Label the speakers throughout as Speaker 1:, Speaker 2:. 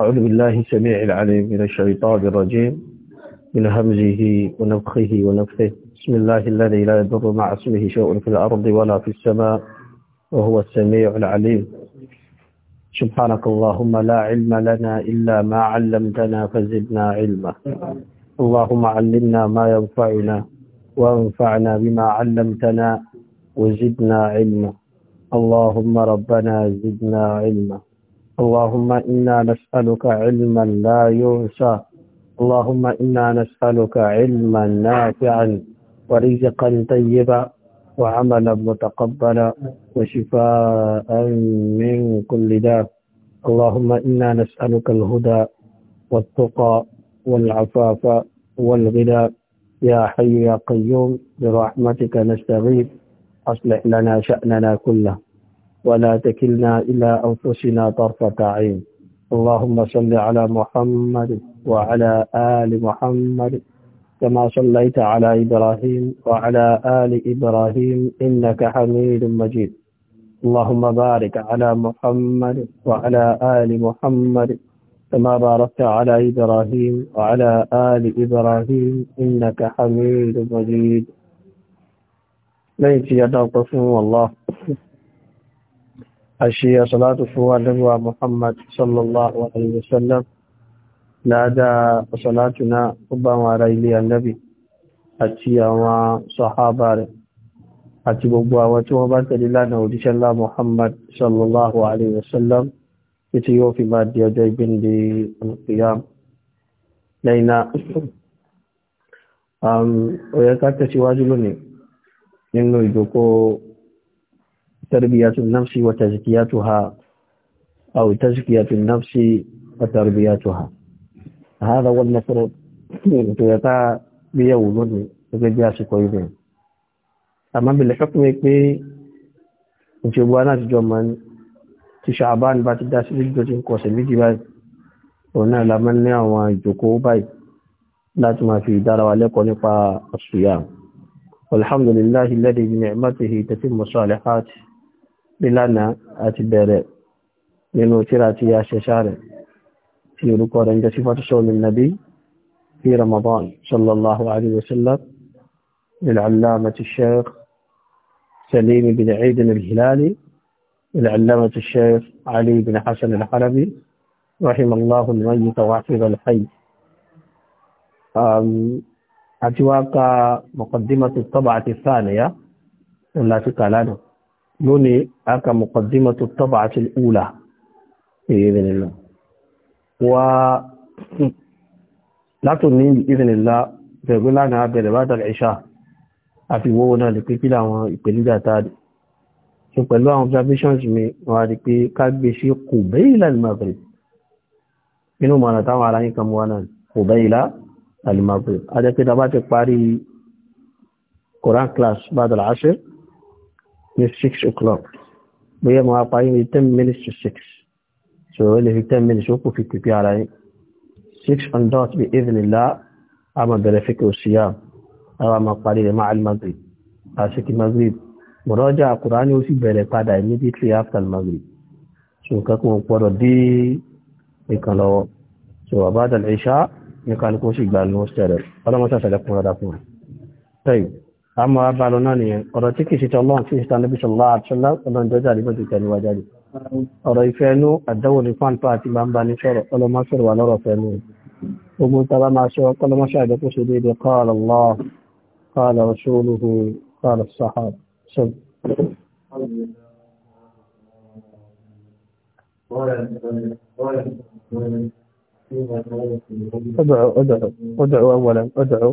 Speaker 1: أعوذ بالله السميع العليم من الشيطان الرجيم من همزه ونفخه ونفخه بسم الله الذي لا يضر مع اسمه شيء في الأرض ولا في السماء وهو السميع العليم سبحانك اللهم لا علم لنا إلا ما علمتنا فزدنا علما اللهم علمنا ما ينفعنا وانفعنا بما علمتنا وزدنا علما اللهم ربنا زدنا علما اللهم إنا نسألك علما لا ينسى اللهم إنا نسألك علما نافعا ورزقا طيبا وعملا متقبلا وشفاء من كل داء اللهم إنا نسألك الهدى والتقى والعفاف والغنى يا حي يا قيوم برحمتك نستغيث أصلح لنا شأننا كله ولا تكلنا إلى أنفسنا طرفة عين اللهم صل على محمد وعلى آل محمد كما صليت على إبراهيم وعلى آل إبراهيم إنك حميد مجيد اللهم بارك على محمد وعلى آل محمد كما باركت على إبراهيم وعلى آل إبراهيم إنك حميد مجيد ليس يدعو الله àṣe àṣàlátù fún adẹ́gbà Muhammad sallallahu alaihi wasallam láàdá àṣàlátù náà ó bá wọn ara ilé annabi àti àwọn sahaba rẹ̀ àti gbogbo àwọn tí wọ́n bá tẹ̀lé lánà òdíṣẹ́lá Muhammad sallallahu alaihi wasallam títí yóò fi máa di ọjọ́ ìgbìndì al تربية النفس وتزكيتها أو تزكية النفس وتربيتها هذا هو المطلوب يتعى بيولون يجاسي كويبين أما بالحكم يكبي ìjọba ti jọmọ ti ṣàbán bá ti dá sí lójúdó tí ń kọ̀ọ̀sẹ̀ méjì báyìí òun náà la máa ń ní àwọn ìjókòó báyìí láti máa fi ìdára wa lẹ́kọ̀ọ́ nípa àṣùyà alhamdulillahi alladhi bi ni'matihi tatimmu salihati bilana àti bẹ̀rẹ̀ nínú tíra tí a ṣẹṣá rẹ̀ tí orúkọ rẹ̀ ń jẹ́ sífàtú sọ́ọ̀lù nàbí fi ramadan sallallahu alaihi wasallam للعلامة الشيخ سليم بن عيد الهلالي للعلامة الشيخ علي بن حسن الحلبي رحم الله الميت وحفظ الحي àti wá ka mọ̀kàndínmọ̀ tó tọ́bà àti sáà nìyá ńlá ti kà lánàá yóò ní aka muqaddimatu tab'ati al-ula ìrìnlẹ̀ wá látún ní ìrìnlẹ̀ bẹ̀rẹ̀ lánàá bẹ̀rẹ̀ bá dàrẹ̀ ìṣà àfi wọ́wọ́ náà lè pé kí láwọn ìpèníjà tààdì so pẹ̀lú àwọn observations mi wọ́n a rí pé ká gbé sí qubayla al-maghrib inú ní 6 o'clock bóyá mo wá parí ní ten minutes to six so ó lè fi ten minutes ó kò fi pèpè ara yín six on dot bí evenilá a máa bẹ̀rẹ̀ fíkẹ́ òsìyà àwọn máa parí rẹ̀ máa al-maghrib àsìkí maghrib mọ̀rọ́jà Kùránì ó sì bẹ̀rẹ̀ padà immediately after maghrib so kankan pọ̀rọ̀ dé nìkan lọ́wọ́ so àbádàl ìṣá nìkan kó sì gbà ní ó sẹ̀rẹ̀ ọlọ́mọ sàṣẹ̀lẹ̀ kún rẹ̀ dákùnrin àmọ́ abàlọ́ náà nìyẹn ọ̀rọ̀ tí kìí ṣe ọlọ́run tí ìṣẹ́ta níbi ṣọlá àṣọlá ọlọ́run jọjá àríbọ̀ ti tẹ̀lé wa jáde ọ̀rọ̀ ìfẹ́ ẹnu àdáwò ní fáńpá àti gbangba ní sọ̀rọ̀ ọlọ́mọ sọ̀rọ̀ wà lọ́rọ̀ fẹ́nu gbogbo ń taba máa ṣọ ọlọ́mọ ṣàjọ kó ṣe déédéé qala Allah qala rasuluhu qala sahaba sọ.
Speaker 2: ادعوا ادعوا
Speaker 1: ادعوا اولا ادعوا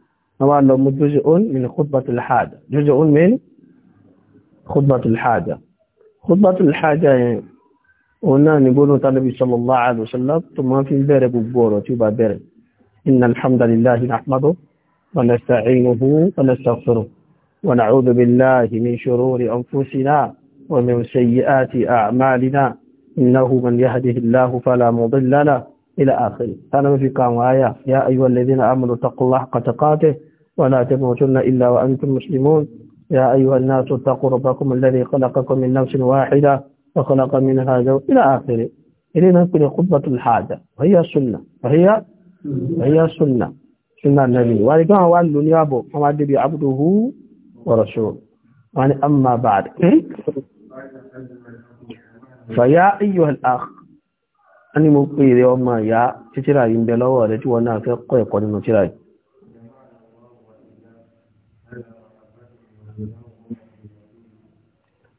Speaker 1: طبعا لو جزء من خطبة الحاجة جزء من خطبة الحاجة خطبة الحاجة يعني، هنا نقول النبي صلى الله عليه وسلم ثم في بير بور تبا بر إن الحمد لله نحمده ونستعينه ونستغفره ونعوذ بالله من شرور أنفسنا ومن سيئات أعمالنا إنه من يهده الله فلا مضل له إلى آخره أنا في كام آية يا أيها الذين آمنوا اتقوا الله حق تقاته ولا تموتن إلا وأنتم مسلمون يا أيها الناس اتقوا ربكم الذي خلقكم من نفس واحدة وخلق منها زوج إلى آخره إلى نقل خطبة الحاجة وهي السنة وهي وهي السنة سنة النبي ما هو الدنيا بو هو النبي عبده ورسوله يعني أما بعد فيا أيها الأخ أني مقيد يوم ما يا تترى ينبلو ورجونا في القيق ونمترى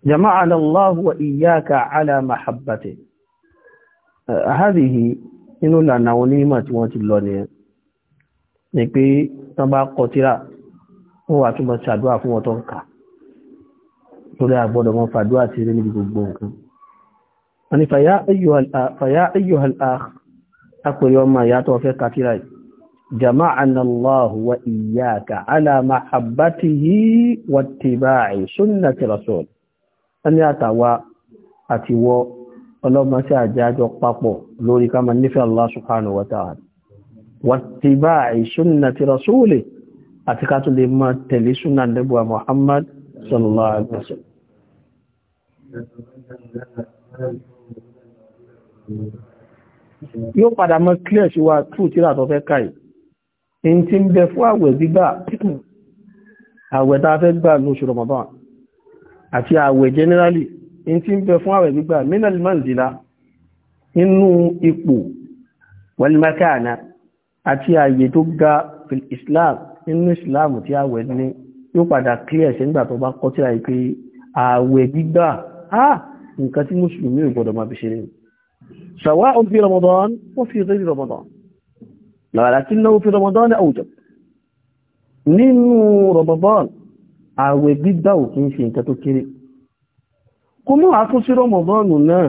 Speaker 1: جمعنا الله وإياك على محبته هذه inú ìlànà àwọn onímọ̀ tí wọ́n ti lọ nìyẹn ni pé tán bá kọ tíra wọ́n wà túnbọ̀ ṣàdúrà fún wọn tó ń kà torí àgbọ́dọ̀ wọn fàdúrà ti rí níbi gbogbo nǹkan wọ́n ni fàyà ayyuhal akh apèrè ọmọ ìyàtọ̀ fẹ́ ka tíra jama'ana Allahu wa iyyaka ala mahabbatihi wa ittiba'i sunnati rasul ẹni àtàwà àtiwọ ọlọ́mọsí àjájọ papọ̀ lórí ká máa nífẹ̀ẹ́ Allah subhanahu wa ta'ala wattiba'i sunnati rasulih àti ká tún lè máa tẹ̀lé súnà lẹ́bùwà Muhammad sallallahu alaihi wasallam yóò padà mọ́ clear sí wa tú tíra tó fẹ́ káì in ti ń bẹ fún àwẹ̀ gbígbà àwẹ̀ fẹ́ gbà lóṣù Ramadan àti àwẹ̀ generally in ti ń bẹ fún àwẹ̀ gbígbà minal manzila nínú ipò wal àti ààyè tó ga fil islam nínú islam tí àwẹ̀ ní yóò padà clear ṣe nígbà tó bá kọ́ tí a pé àwẹ̀ gbígbà á nǹkan tí mùsùlùmí ò gbọdọ̀ máa fi ṣe nínú sawa'un fi ramadan ààwẹ̀ gbígbà ò kí ń ṣe nǹkan tó kéré kó mọ́ àtún sí rọmọbọ́ọ̀nù náà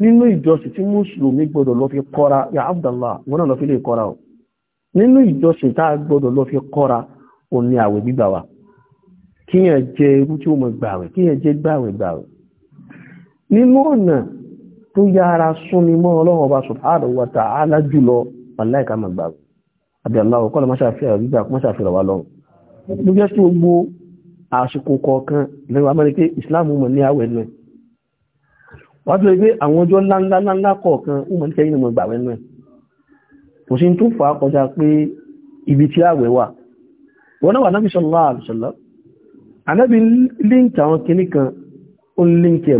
Speaker 1: nínú ìjọsìn tí mùsùlùmí gbọdọ̀ lọ fi kọ́ra ya Abdallah wọn náà lọ fi lè kọ́ra o nínú ìjọsìn tá a gbọdọ̀ lọ fi kọ́ra ò ní ààwẹ̀ gbígbà wa kíyàn jẹ irú tí ó mọ gbààwẹ̀ kíyàn jẹ gbààwẹ̀ gbààwẹ̀ nínú ọ̀nà tó yára súnmi mọ́ ọlọ́run ọba subhanahu wa ta'ala jùlọ aláìka mọ̀ gbààwẹ̀ àbí aláwọ̀ kọ́lọ̀ máṣàfihàn gbígbà àsìkò kọ̀ọ̀kan lẹ́wọ̀ amẹ́ríkà islam mọ̀ ní àwẹ̀ náà wọ́n tó lè gbé àwọn ọjọ́ ńláńláńlá kọ̀ọ̀kan ó mọ̀ ní kẹ́yìn mọ̀ gbàwẹ̀ náà kò sí tó fà á kọjá pé ibi tí àwẹ̀ wà wọ́n náà wà náà fi sọ́lá àlùsọ̀lá anábì líǹkì àwọn kinní kan ó líǹkì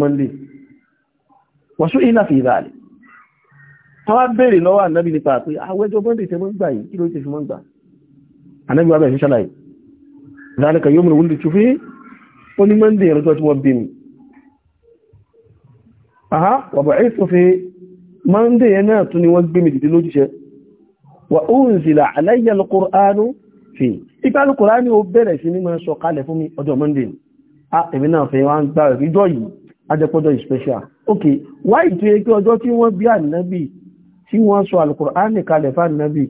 Speaker 1: ẹ̀ máa wẹ̀ wọ̀ṣú ilá fi ìdáàlì wọ́n wá bèèrè lọ́wọ́ ànábì nípa pé àwẹ́jọ ah, bọ́ndì tẹ mọ́ gbà yìí kí ló ti fi mọ́ gbà ànábì wà bẹ̀ ní ṣàlàyé ìdánikà yóò mú wúlù tó fi ó ní mọ́ndì ìrọjọ́ tí wọ́n bí mi àhá wà bọ̀ ẹ́sọ́ fi mọ́ndì yẹn náà tún ni wọ́n gbé mi dìde lójúṣẹ́ wà ó ah, ń zìlà aláyà ajẹ́pọ́jọ́ ìspẹ́ṣíà ok why tó yẹ kí ọjọ́ tí wọ́n bí ànábì tí wọ́n sọ alukur'ani kalẹ̀ fáànábì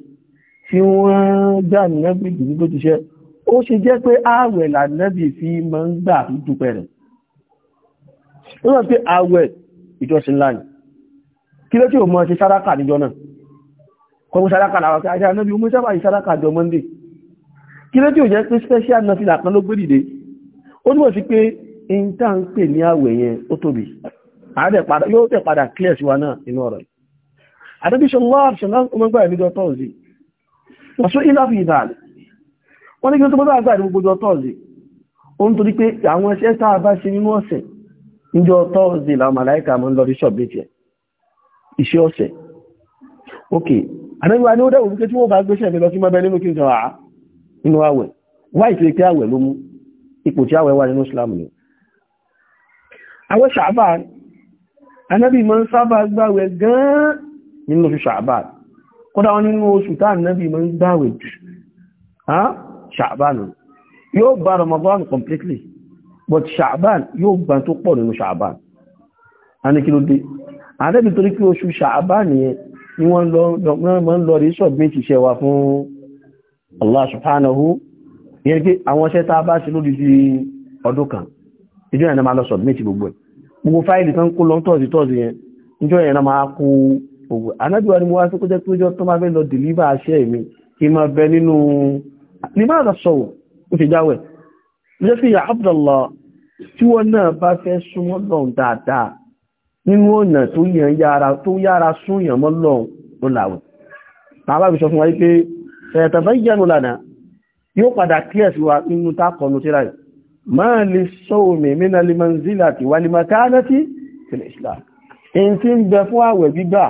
Speaker 1: tí wọ́n já ànábì jù nígbó ti ṣẹ́ ó ṣe jẹ́ pé ààwẹ̀ lànábì fi máa ń gbà dúpẹ́ rẹ̀ ó rọ̀ pé ààwẹ̀ ìjọsìn láàyè kí ló tí ò mọ́ ṣe sáráka níjọ náà kọ́ mú sáráka làwọn kí ajá ànábì ó mú sábà yìí sáráka jọ monday kí ló tí ò jẹ́ pé special nurse làkan ló gbé dìde ó túbọ̀ sí pé in tá ń pè ní àwẹ̀ yẹn ó tóbi yóò tẹ̀ padà clear sí wa náà inú ọ̀rọ̀ yìí àdébíṣọ́ lọ́ọ̀ṣọ́lá ọmọgbà ìlújọ tọ́ọ̀sì wọ́sọ́ ilá fi ìdàlẹ̀ wọ́n ní kí ó tó bọ́dá àgbà ìrúgbójọ tọ́ọ̀sì ó ń torí pé àwọn ẹṣẹ́ tàà bá ṣe nínú ọ̀sẹ̀ níjọ tọ́ọ̀sì làwọn màláìkà mọ́ ń lọ rí ṣọ̀bẹ̀tì ok àdẹ́gbà ni ó dẹ̀wò wípé tí wọ́n bá gbéṣẹ́ mi lọ sí mọ́bẹ̀ nínú kí n sọ àá nínú àwẹ̀ wáì tó pé àwẹ̀ ló mú ipò tí àwẹ̀ wà nínú Islam ni àwẹ̀ ṣàbáàn anábì máa ń sábà gbàwẹ̀ gan-an nínú oṣù ṣàbáàn kódà wọn nínú oṣù tá anábì máa ń gbàwẹ̀ jù ṣàbáàn yóò gba Ramadan completely but ṣàbáàn yóò gba tó pọ̀ nínú ṣàbáàn a ní kí ló dé anábì torí pé oṣù ṣàbáàn yẹn ni wọ́n lọ rí submit iṣẹ́ wa fún Allah subhanahu yẹn pé àwọn iṣẹ́ bá ṣe lórí ọdún kan ìjọ yẹn máa lọ submit gbogbo ẹ̀ gbogbo fáìlì kan kó lọ tọ́ọ̀sì tọ́ọ̀sì yẹn ìjọ yẹn máa kó gbogbo anábíwá ni mo wá sí kó jẹ́ pé ìjọ tó máa fẹ́ lọ deliver aṣẹ́ mi kí n máa bẹ nínú ní máa lọ sọ̀rọ̀ ó ṣe jáwẹ̀ mo jẹ́ fi ya Abdullah tí wọ́n náà bá fẹ́ súnmọ́ lọ́hùn dáadáa nínú ọ̀nà tó yára súnyàn mọ́ lọ́hùn ló làwẹ̀ tàbá fi sọ fún wa wípé ẹ̀ẹ̀tàbá ìjẹ́nu lànà yóò padà kíyèsí wa nínú tákọ̀ọ́nù tíráyìí máa lè sọ́ọ̀mì mínà lè manzílà àti wà lè makánátí tìlẹ̀ islam in tí ń bẹ fún àwẹ̀ gbígbà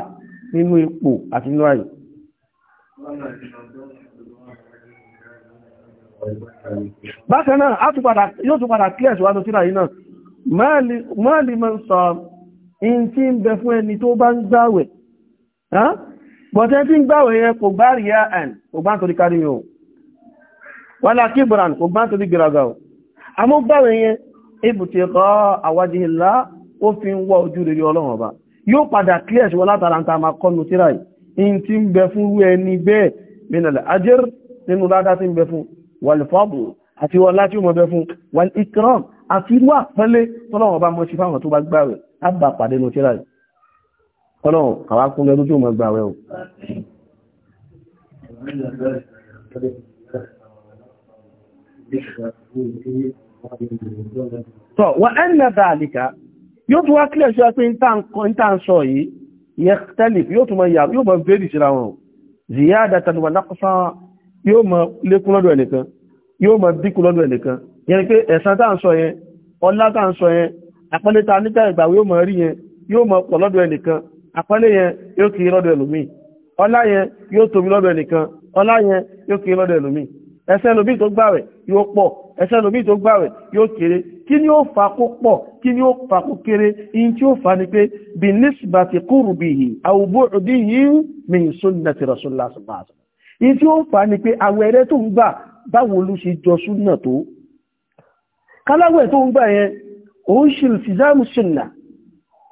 Speaker 1: nínú ipò àti inú ayé bákan náà yóò tún padà kílẹ̀ sí wá tó tíra yìí náà máa lè mọ́ sọ in tí ń bẹ fún ẹni tó bá ń gbáwẹ̀ bọ̀tẹ́ ń gbáwẹ̀ yẹn kò gbá rí ẹ́ ẹ̀ kò gbá nítorí kárí yóò wọ́n lá kí kò gbá nítorí gẹ̀rọ̀gà amúgbàwẹ̀ yẹn ibùtẹ̀ kọ́ àwájí ńlá ó fi ń wọ ojú rere ọlọ́run ọba yóò padà clear sí wọn látara ń ta máa kọ́nu tíra yìí in ti ń bẹ fún wú ẹni bẹ́ẹ̀ minal ajr nínú ládá ti ń bẹ fún wal fadl àti wọn láti mọ̀ bẹ fún wal ikram àti irú àpẹẹlẹ tọ́lọ́run ọba mọ̀ sí fáwọn tó bá gbàwẹ̀ á bá pàdé nu tíra yìí Thank you tọ́ wà ẹ́nà dáàlìkà yóò tún wá kílẹ̀ ṣe pé ìta ń sọ yìí yẹ́tẹ́lì yóò tún mọ ìyàwó yóò mọ bèèrè síra wọn ziyada tàbí wà lákọ́sá yóò mọ lékún lọ́dọ̀ ẹnìkan yóò mọ dínkù lọ́dọ̀ ẹnìkan yẹn pé ẹ̀san tá ń sọ yẹn ọlá tá ń sọ yẹn àpẹẹlẹ ta níta ìgbàwó yóò mọ rí yẹn yóò mọ pọ̀ lọ́dọ̀ ẹnìkan àpẹẹlẹ yẹn yóò kiri lọ́dọ̀ ẹlòmíì ọlá yẹn yóò tóbi lọ́dọ̀ ẹnìkan ọlá yẹn yóò kiri lọ́dọ̀ ẹlòmíì ẹsẹ́ lómi tó gbàwẹ̀ yóò pọ̀ ẹsẹ́ lómi tó gbàwẹ̀ yóò kéré kí ni ó fa kó pọ̀ kí ni ó fa kó kéré in tí ó fa ni pé bí nísìbà ti kúrù bí i àwùbó òdí yìí mi súnà ti rọ̀sùn lásìmáàsì in tí ó fa ni pé àwẹ̀rẹ́ tó ń gbà báwo ló ṣe jọ súnà tó káláwẹ̀ tó ń gbà yẹn òun ṣe ìfìzámù súnà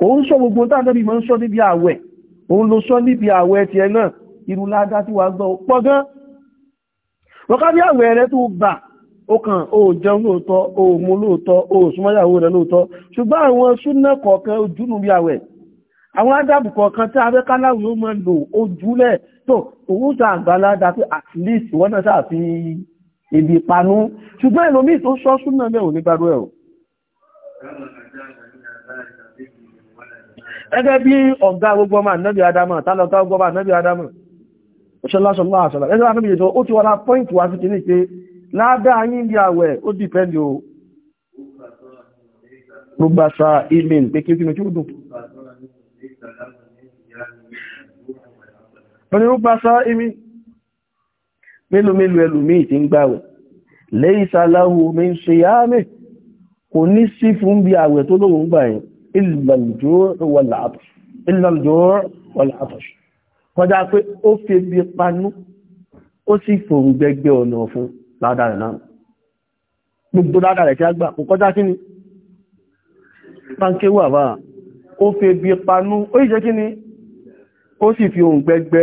Speaker 1: òun sọ gbogbo táàdọ́bí mọ́ ń sọ níbi àwẹ̀ òun ló sọ níbi àwẹ̀ tiẹ̀ náà irú ládá tí wàá gbọ́ pọ̀ gan-an wọ́n ká ní àwẹ̀ rẹ tó bà ó kàn ó jẹun lóòótọ́ ó mu lóòótọ́ ó súnmọ́yàwó rẹ lóòótọ́ ṣùgbọ́n àwọn súnà kọ̀ọ̀kan ojúnú bí àwẹ̀ àwọn adábù kọ̀ọ̀kan tí abẹ́ káláwì ó máa lò ó júlẹ̀ tó òun sa àgbàládà pé at least wọ́n náà sàfi ibi panú ṣùgbọ́n ẹlòmíì tó sọ súnà mẹ́ ò ní gbàdúrà ẹ̀ ẹgẹ́ bí ọ̀gá gbogbo ọmọ ànábì adama tálọ́gá gbogbo ọmọ ànábì adama òṣèlásọ̀lá àṣàlá ẹ̀sẹ̀ láti méjèèjọ ó ti wọ́n náà pọ́ìntì wá sí kìíní pé ládáa yí ní àwẹ̀ ó dìpẹ́ndì o gbogbo àṣà ilé pé kí o dùn pẹ̀lú gbogbo àṣà imi mélòó mélòó ẹlòmíì ti ń gbàwẹ̀ lẹ́yìn sàláhù mi ń ṣe yáàmì kò ní sí fún bí àwẹ̀ tó lóhun gbà yìí ìlàlùjọ́ wà láàtọ̀ṣù kọjá pé ó fi ebi panú ó sì fòun gbẹgbẹ ọ̀nà fún ládàrẹ̀ náà gbogbo ládàrẹ̀ tí a gbà kò kọjá kí ni pàǹkéwà bá ó fi ebi panú ó ìṣẹ́ kí ni ó sì fi ohun gbẹgbẹ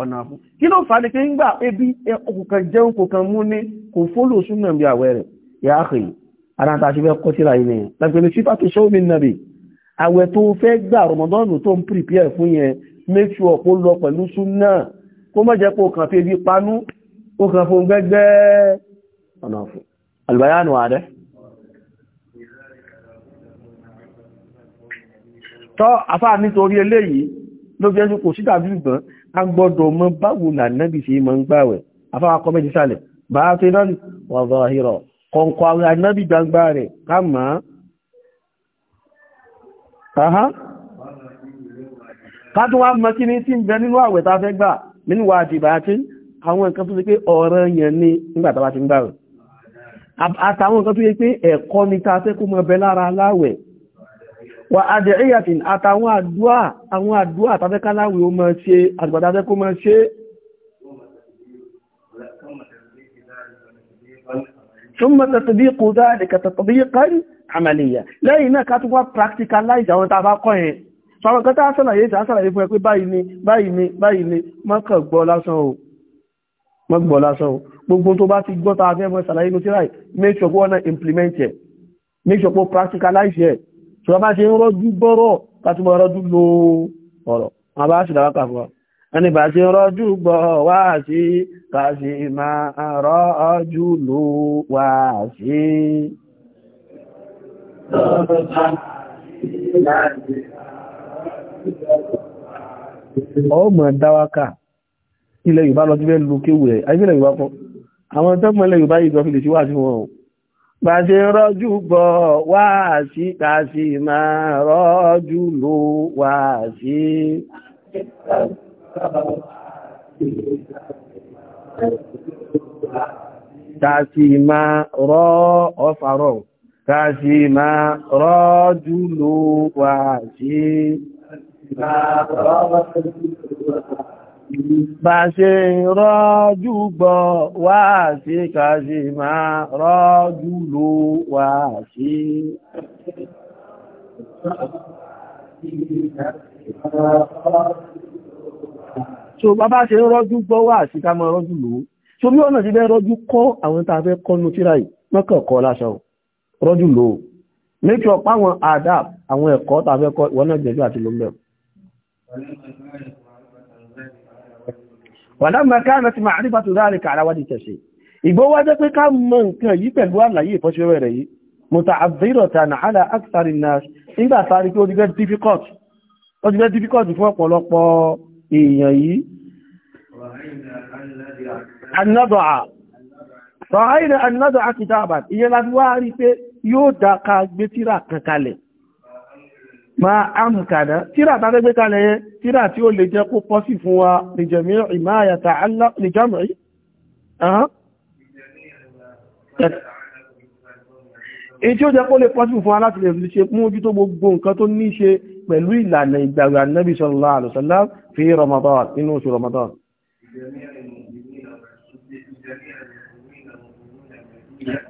Speaker 1: ọ̀nà fún kí ló fàá ní pé ń gbà ebi ọkùnkan jẹun kò kan mú ní kò fólò súnmọ̀ bí àwẹ̀ rẹ̀ yà á kìí fẹ́ kọ́ síra ilẹ̀ yẹn lápẹ̀lẹ̀ sífà tó ṣọ́ nàbì àwẹ̀ tó fẹ́ gbà rọmọdọ́nù tó ń prepare fún yẹn make sure kó lọ pẹ̀lú súnà kó má jẹ́ pé ó kàn fi ebi panú ó kàn fún gbẹ́gbẹ́ ọ̀nà fún albayanu ààrẹ tọ́ afá nítorí eléyìí ló jẹ́ sí kò sí tàbí ìgbọ́n a gbọ́dọ̀ mọ̀ báwo nà nábì sí mọ́ ń gbàwẹ̀ afá akọ́mẹ́jì sálẹ̀ bá a fi náà wà zọ́hírọ̀ kọ̀ǹkọ̀ àwọn nábì gbangba rẹ̀ ká kátún wá mọ́ kí ní tí ń bẹ nínú àwẹ̀ tá fẹ́ gbà nínú wa jìbàtí àwọn nǹkan tó ṣe pé ọ̀ranyàn ni nígbà tá bá ti ń gbà rẹ̀ àtàwọn nǹkan tó yẹ pé ẹ̀kọ́ ni ta fẹ́ kó mọ́ bẹ lára aláwẹ̀ wà adẹ̀ríyàtìn àtàwọn àdúà àwọn àdúà tafẹ́káláwẹ̀ ó mọ́ ṣe àgbàtafẹ́ kó mọ́ ṣe ثم fáwọn kan tá a sàlàyé tá a sàlàyé fún ẹ pé báyìí ni báyìí ni báyìí ni má gbọ́ lásán o gbogbo tó bá ti gbọ́ tá a fẹ́ mọ tíráì make sure náà implement ẹ̀ make sure pé practicalize ẹ̀ tí wọ́n bá ṣe ń rọ́jú gbọ́rọ̀ láti mọ rọ́jú lo ọ̀rọ̀ wọn
Speaker 2: bá sì
Speaker 1: ọmọ dáwákà ilẹ̀ Yorùbá lọ síbẹ̀ ló kéwù ẹ̀ ayílẹ̀ Yorùbá kan àwọn tọ́gbọ̀n ilẹ̀ Yorùbá yìí gan fi lè ṣe wá sí wọn o pàṣẹ rọ́jú bọ̀ wá sí kàṣì máa rọ́jú ló wá sí kàṣì máa rọ́ ọfàrọ̀ kàṣì máa rọ́jú ló wá sí kàṣì Bá ṣe rọ́jú gbọ́ wá sí kàṣì máa rọ́jú ló wá sí. So bàbá ṣe rọ́jú gbọ́ wá sí ká máa rọ́jú ló. So bí ọ̀nà ti bẹ́ rọ́jú kọ́ àwọn tàà fẹ́ kọ́nú tíra yìí, mọ́kànkọ́ láṣọ rọ́jú ló. Make sure páwọn adab àwọn ẹ̀kọ́ tàà fẹ́ kọ́ ìwọ́n náà jẹ́jú àti lómẹ́rù wàlámà káàmà ti máa rífà tó dáàrí kààrà wájí tẹ̀ṣe ìgbówá jẹ́ pé ká mọ̀ nǹkan yìí pẹ̀lú àlàyé ìfọ́ṣẹ́wẹ̀ rẹ̀ yìí mọ̀ta àbírọ̀ta na àlà aksari nas nígbà sáré pé ó ti gẹ́ difficult fún ọ̀pọ̀lọpọ̀ èèyàn yìí anádọ̀à kìtàbà ìyẹn láti wá rí pé yóò dá ká gbé tíra kankalẹ̀ ma amkana tíra tàbí gbé kalẹ̀ yẹn tíra tí ó lè jẹ́ kó pọ́sì fún wa lè jẹ̀mí ìmá àyàtà alìjámọ̀rí èyí tí ó jẹ́ kó lè pọ́sì fún wa láti lè fi ṣe mú ojú tó gbogbo nǹkan tó ní ṣe pẹ̀lú ìlànà ìgbàgbà nẹ́bí sallallahu alaihi wasallam fi Ramadan inú oṣù Ramadan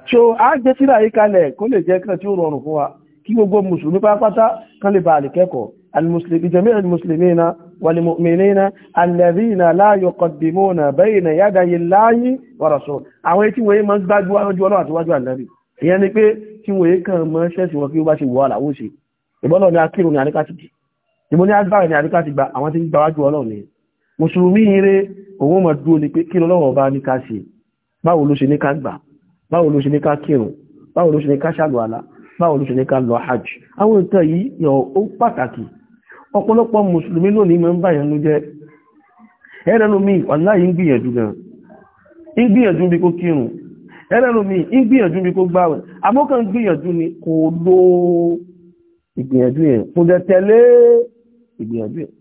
Speaker 1: so a gbé tíra yìí kalẹ̀ kó lè jẹ́ kí ó rọrùn fún wa kí gbogbo mùsùlùmí pátápátá kan lè bá àlè kẹ́kọ̀ọ́ الجميع المسلمين والمؤمنين الذين لا يقدمون بين يدي الله ورسوله àwọn tí wọ́n máa gbájú wájú Ọlọ́run àti wájú Ànábì ìyẹn ni pé tí wọ́n kàn máa ṣẹ̀sì wọn kí ó bá ṣe wọ́ àlàwò ṣe ìbọ́lọ̀ ni akírun ni àríkà ti jì ìbò ní agbára ni àríkà ti gba àwọn tí ń gba wájú Ọlọ́run ni báwo ló ṣe ní ká lọ hajj àwọn nǹkan yìí yọ ó pàtàkì ọ̀pọ̀lọpọ̀ mùsùlùmí lónìí mọ́ ń báyàn ló jẹ́ ẹ̀rẹ́nu mi wàláhì ń gbìyànjú gan ń gbìyànjú bí kó kírun ẹ̀rẹ́nu mi ń gbìyànjú bí kó gbáwẹ̀ àmọ́kàn gbìyànjú ni kò ló ìgbìyànjú yẹn kò jẹ tẹ̀lé ìgbìyànjú yẹn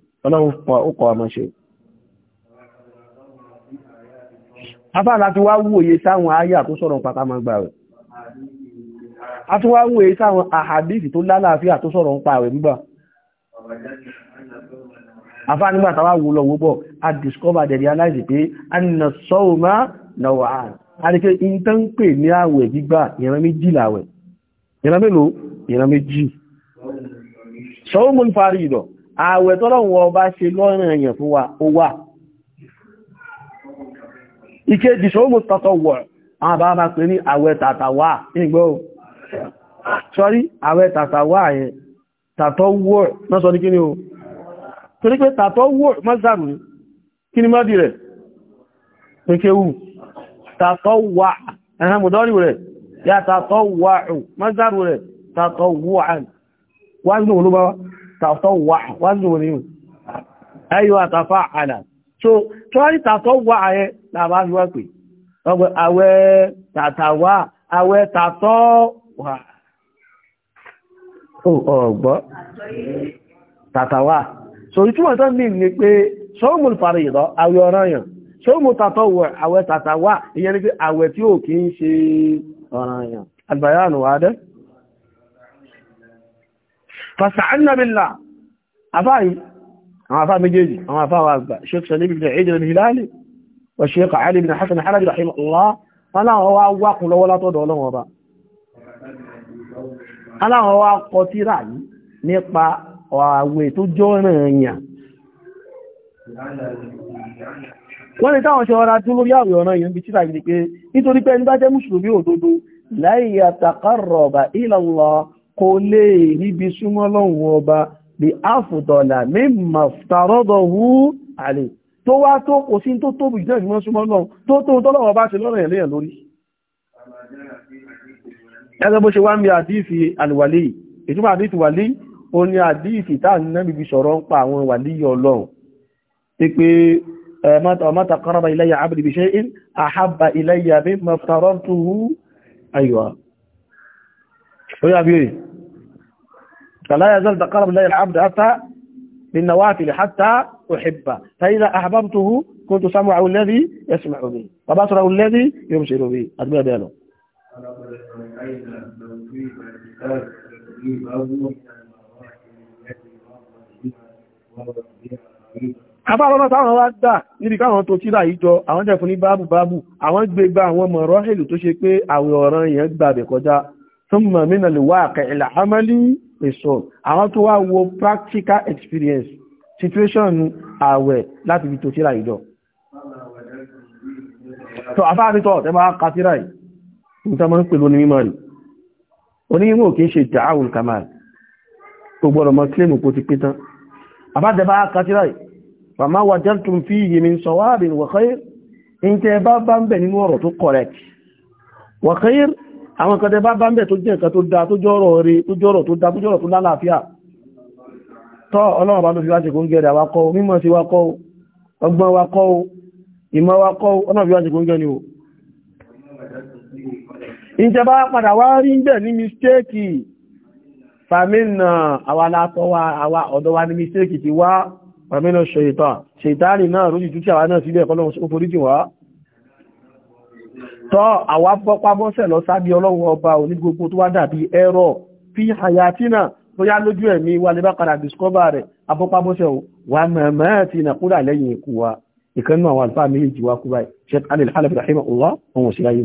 Speaker 1: a tún wá ń wèé sáwọn àhàdìsì tó lálàáfíà tó sọ̀rọ̀ ń pa àwẹ̀ gbígbà àfá nígbà tàwà wò lọ wó bọ̀ a discover the realize pé a nà sọ́ọ̀má na wà á a ní pé in tó ń pè ní àwẹ̀ gbígbà ìran méjì làwẹ̀ ìran mélòó ìran méjì sọ́ọ̀mùn parí ìdọ̀ àwẹ̀ tọ́lọ́wọ́ ọba ṣe lọ́rìn èèyàn wa ó wà ìkéjì sọ́ọ̀mù tọ́tọ̀ wọ̀ sọ́rí àwẹ̀ tàtàwà ẹ̀ tàtọ́ wọ́ náà sọ ní kí ni o torí pé tàtọ́ wọ́ mọ́sàrù ní kí ni mọ́dí rẹ̀ pẹ̀kẹ́wù tàtọ́ wà ẹ̀hàn mọ̀dọ́rì rẹ̀ ya tàtọ́ wà mọ́sàrù rẹ̀ tàtọ́ wà wájú olúbáwá tàtọ́ wà wájú ní ẹyọ àtàfà àlà so tọ́rí tàtọ́ wà ẹ làbá fi wá pè ọgbẹ̀ àwẹ̀ tàtàwà àwẹ̀ tàtọ́ wà ó ọ̀gbọ́ tàtàwà so ìtumọ̀ tó ní ní pé sọ́ọ̀mù fàrí ìdọ́ àwẹ̀ ọ̀ranyàn sọ́ọ̀mù tàtọ̀ wẹ̀ àwẹ̀ tàtàwà ìyẹn ni pé àwẹ̀ tí ò kí ń ṣe ọ̀ranyàn albayanu wa dẹ́ fasta'anna billah afáyí àwọn afá méjèèjì àwọn aláwọn wá kọ tírà yìí nípa àwẹ̀ tó jọ́ràn èèyàn wọ́n ni táwọn ṣe ọ̀rá tí lórí àwẹ̀ ọ̀ràn èèyàn bí tírà yìí pé nítorí pé ẹni bá jẹ́ mùsùlùmí òdodo láì yàtàkọ́rọ̀bà ìlàlọ́ kò lè ríbi súnmọ́ lọ́wọ́ ọba bí áfùdọ̀là ẹgbẹ́ bó ṣe wá ń bí àdífì alìwàlì ìtumọ̀ àdífì wàlì ó ní àdífì táà ní níbi sọ̀rọ̀ ń pa àwọn wàlì ọlọ́run ti pé ọmọta kọ́rọ̀bà ilayya abdi bi shay'in ahabba ilayya mimma aftaratuhu aywa ó yà bí rí la yazal taqarrabu ilayya
Speaker 2: علينا توفيق
Speaker 1: الكتاب ترتيبه من المراحل التي مرت بها ومرت بها ايضا táwọn wá gbà níbi káwọn tó tíra ìjọ àwọn jẹ́ fún ní báàbù báàbù àwọn gbégbá àwọn mọ̀rọ̀ hìlù tó ṣe pé àwọn ọ̀ràn èèyàn gbàbẹ̀ kọjá thumma mina al-waqi' al-amali result àwọn tó wá wo practical experience situation ààwẹ̀ láti ibi tó tíra ìjọ tó àfáàfitọ̀ tẹ́ bá kàtíra níta máa ń pè lóní mímọ̀ rí onímọ̀ kamal tó gbọ́dọ̀ mọ́ kílèmù kó ti pé tán àbádẹ́bá kátírà fàmá wà jẹ́tùn fi yìí min sọwábìn wàkhair in tẹ bá bá ń bẹ̀ nínú ọ̀rọ̀ tó correct wàkhair àwọn kan tẹ bá bá ń bẹ̀ tó jẹ́ nǹkan tó dá tó jọ́rọ̀ rí tó jọ́rọ̀ tó dá tó jọ́rọ̀ tó lálàáfíà tọ́ ọlọ́run bá ló fi wá kó ń gẹ̀rẹ̀ àwakọ́ mímọ̀ sí wakọ́ ọgbọ́n wakọ́ ìmọ̀ wakọ́ ọlọ́run fi wá kó ń gẹ̀rẹ̀ ìjẹba padà wá rí ń bẹ̀ ní mistéèkì fàmínà àwàlátọ́wà ọ̀dọ̀ wa ní mistéèkì ti wá fàmínà ṣètà ṣètàrí náà rójì tútí àwà náà sílẹ̀ ọ̀pọ̀lọ́ oforíjì wá tọ́ àwà pọ́pábọ́sẹ̀ lọ sábí ọlọ́run ọba òní gbogbo tó wá dàbí ẹ̀rọ fi hayatina bóyá lójú ẹ̀mí wa lè bá padà discover rẹ̀ apọ́pábọ́sẹ̀ wà mamatina àwọn àlfà méjì wa kú báyìí Sheikh Alil Halabi rahimahullah sí láyé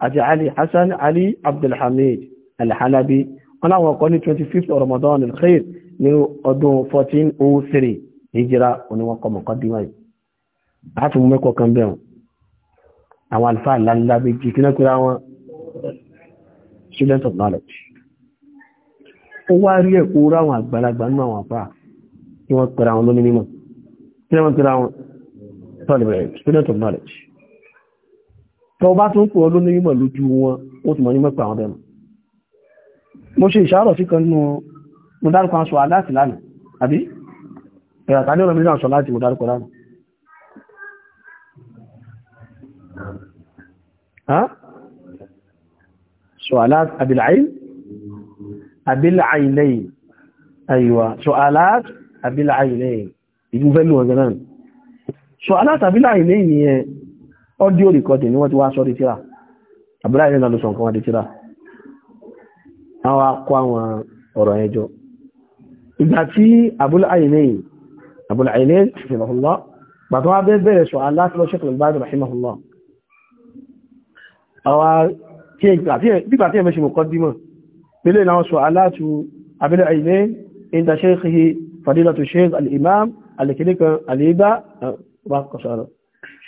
Speaker 1: àti Ali Hassan Ali Abdulhamid Al-Halabi wọn láwọn kọ́ ní 25th Ramadan al-Khair ní ọdún 1403 hijira oníwọ̀kọ̀ mọ̀kọ́dímọ̀ yìí a ti mú mẹ́kọ̀ọ́ kan bẹ̀rùn àwọn alfáà lálá bí kí kíná kúrá student of knowledge ó wá rí ẹ̀kọ́ ráwọn àgbàlagbà nínú àwọn àpá kí wọ́n pẹ̀rẹ̀ àwọn lónìí mímọ̀ kí wọ́n pẹ̀rẹ̀ àwọn student of knowledge tó bá tún pọ̀ ló nímọ̀ lójú wọn ó ti mọ̀ ní mọ́pẹ̀ àwọn bẹ̀rẹ̀ mo ṣe ìṣàrọ̀ sí kan nínú mo dárúkọ aṣọ aláàtì lánàá àbí ẹ̀rọ أبي العين أبي العينين أيوة سؤالات أبي العينين يجب أن نفعله سؤالات أبي العينين audio recording ni wọ́n ti wá sọ́rí tíra àbúrá ilé náà ló sọ nǹkan wá di tíra àwọn akọ àwọn ọ̀rọ̀ yẹn jọ ìgbà tí Abul Aynayn Abul Aynayn rahimahullah bàtọ́ wá bẹ́ẹ̀ bẹ̀rẹ̀ sọ aláàtúlọ́ Sheikh Al-Albani rahimahullah àwọn tí ìgbà tí ẹ̀mẹ́ṣe muqaddimah pẹ̀lẹ̀ náà sọ aláàtú Abul Aynayn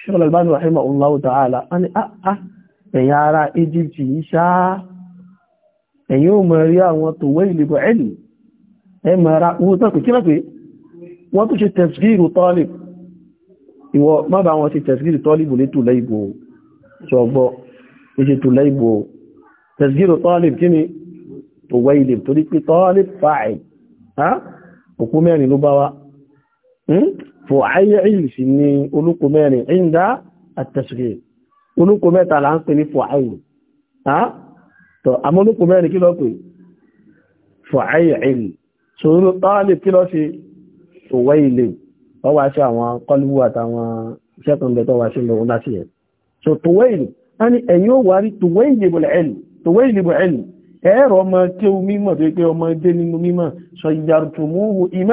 Speaker 1: ṣọ́lọ̀ albani rahimah allahu ta'ala a ni àà ẹ̀yà ara egypt yìí ṣáá ẹ̀yìn ò mọ̀ rí àwọn tó wẹ́ ìlú ẹ̀lì ẹ mọ̀ ara owó tọ́kù kí lọ́pẹ́ wọ́n tó ṣe tẹ̀sgìrì tọ́lìb ìwọ má bá wọn ṣe tẹ̀sgìrì tọ́lìb lè tò lẹ́ìbò ṣọgbọ́ lè ṣe tò fòáyé ìlú sí ní olóko mẹ́rin ìndá àtẹ̀sùgẹ̀ olóko mẹ́ta là ń pè ní fòáyé tọ́ àmọ́ olóko mẹ́rin kí ló pè fòáyé ìlú sòrò tọ́lẹ̀ kí ló ṣe òwẹ́ ilé wọ́n wá sí àwọn kọlùwù àtàwọn sẹ́kùnlẹ̀ tó wá sí lọ láti ẹ̀ so tòwẹ́ ìlú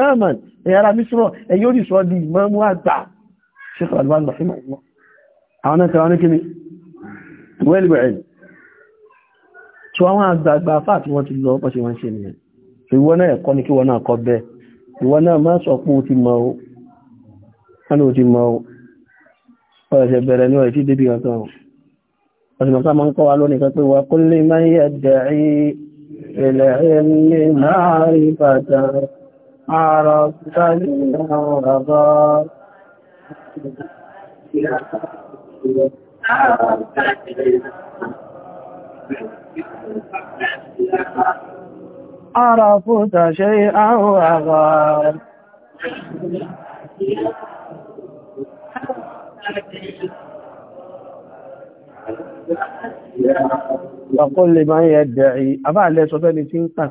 Speaker 1: a ẹ̀yà ara mísírọ̀ ẹ̀yọ́ rí sọ di ìmọ̀mú àgbà ṣíkọ̀ àlùbá lọ fún ọmọ àwọn náà tẹ̀wọ́n kí ni wẹ́lìbẹ̀ ẹ̀ tí wọ́n wọ́n àgbààgbà fáà tí wọ́n ti lọ ọpọ̀ sí wọ́n ṣe nìyẹn ìwọ náà ẹ̀kọ́ ni kí wọ́n náà kọ́ bẹ́ẹ̀ ìwọ náà má sọ pé o ti mọ̀ o wọ́n ló ti mọ̀ ní máa ń kọ́ عرفت لي عرفت شيئا وغار وقل لمن يدعي أبا عليه صفاني تنقى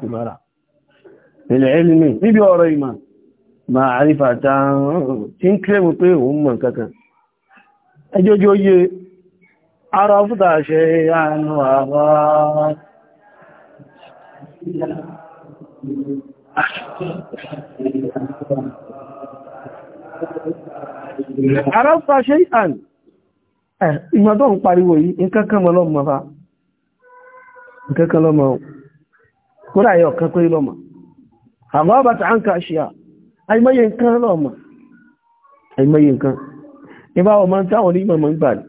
Speaker 1: ìlẹ̀ẹ́lìmì níbi ọ̀rọ̀ ìmọ̀ ma àrífàtà tí ń kírèmù pé òun mọ̀ kankan ẹjọ́jọ́ yé ara fúta ṣe àánú àwọ́ ara fúta ṣe àn ìmọ̀ ń pariwo yìí nǹkankan mọ́ lọ́mọ́ fa àbábà tí a ń ká ṣe à àìmọye nǹkan lọ́ọ̀mọ̀ àìmọye nǹkan ìbá ọmọ táwọn onímọ̀ mọ̀ ń gbà ní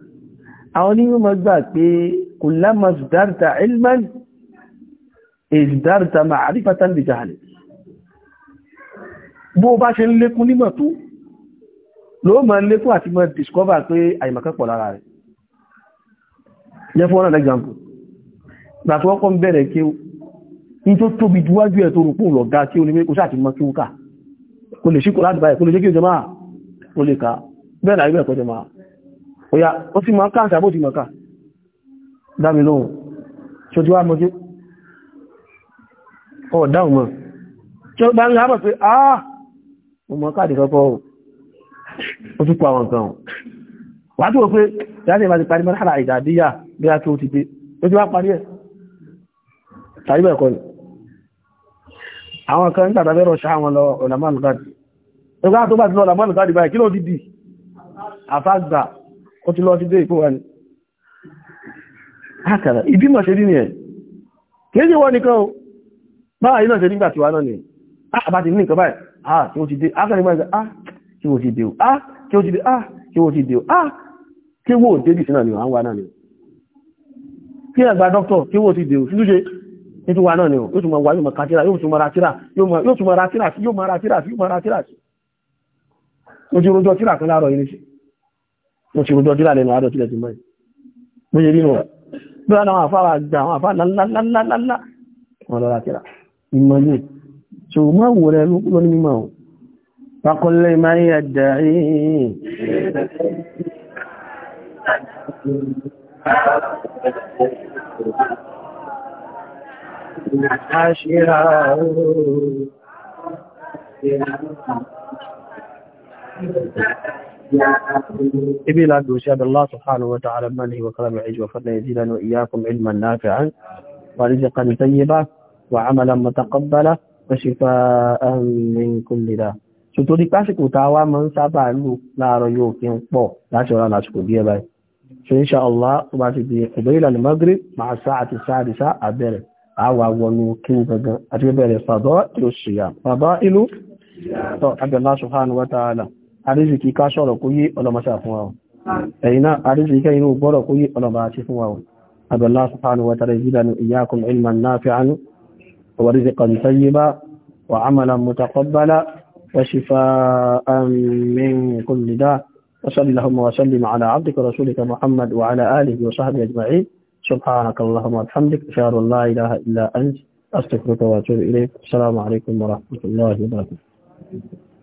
Speaker 1: àwọn onímọ̀ gbà pé kullama zdarta ilman ìzdarta ma'rifatan bi jahli bó bá ṣe ń lékún nímọ̀ tó ló mọ̀ lékún àti mọ̀ discover pé àìmọ̀kan pọ̀ lára rẹ̀ jẹ́ fún one example gbà tó kọ́kọ́ ń bẹ̀rẹ̀ kéwù ní tó tóbi jùwájú ẹ̀ tó rò pò lọ̀gá tí ó ní pé kò sáà ti mọ́ kí ó kà kò lè ṣíkò láti báyẹ̀ kò lè ṣe kí ìjọba ó lè kà bẹ́ẹ̀ láì bẹ́ẹ̀ kọjọ máa ọ̀yà ó sì máa káàkiri àbó ti mọ̀ ká dámi lóhun ah mo mọ káàdì kọ́kọ́ ó tún pa àwọn nǹkan wà á tó pé láti ìbá ti parí mọ́tàlá ìdàdíyà tàbí bẹ́ẹ̀ ni àwọn kan nígbàtà fẹ́ rọ̀ṣà àwọn lọ ọ̀làmánù gáàdì ọgbà tó bá ti lọ ọ̀làmánù gáàdì báyìí kí ló dìdì àfáàgbà ó ti lọ sí dé ìpò wa ni àkàrà ìbímọ̀ ṣe rí ni ẹ̀ kìí ṣe wọ́n nìkan o báyìí náà ṣe nígbà tiwa náà ni àbá ah, ti ní nǹkan báyìí ah kí ó ti dé ah kí ó ah, ti dé ah kí ó ti dé ah kí ó ti dé nítorí wa náà ni ó tún mọ̀ wà yóò mọ̀ kátírà yóò tún mọ̀ rátírà yóò tún mọ̀ rátírà sí yóò mọ̀ rátírà sí yóò mọ̀ rátírà sí mo ti rojọ́ tírà kan láàárọ̀ yìí níṣẹ́ mo ti rojọ́ tírà lẹ́nu àádọ́ tilẹ̀ ti mọ́ yìí mo yẹ nínú rẹ̀ bí wọ́n
Speaker 2: Thank you. ابي
Speaker 1: لا شاب الله سبحانه وتعالى منه وكرم عز وفضل يزيدنا واياكم علما نافعا ورزقا طيبا وعملا متقبلا وشفاء من كل داء سوتو دي باسي كوتا من سابا لا رو يو كين بو لا شورا لا شكو دي ان شاء الله سبحانه وتعالى قبيل المغرب مع الساعه السادسه ابيرت àwà wọnú kíwù gangan àti bẹ̀rẹ̀ sàdọ́ tí ó ṣe yà bàbá ìlú tọ́ abẹ̀lá subhanahu wa ta'ala àríṣìkí ká sọ̀rọ̀ kó yí ọlọ́mọṣà fún wa ẹ̀yìn náà àríṣìkí kẹ́ inú gbọ́rọ̀ kó yí ọlọ́mọ àti fún wa abẹ̀lá subhanahu wa ta'ala zidanu iyyakum ilman nafi'an wa rizqan tayyiba wa amalan mutaqabbala wa shifaan min kulli سبحانك اللهم وبحمدك أشهد أن لا إله إلا أنت أستغفرك وأتوب إليك السلام عليكم ورحمة الله
Speaker 2: وبركاته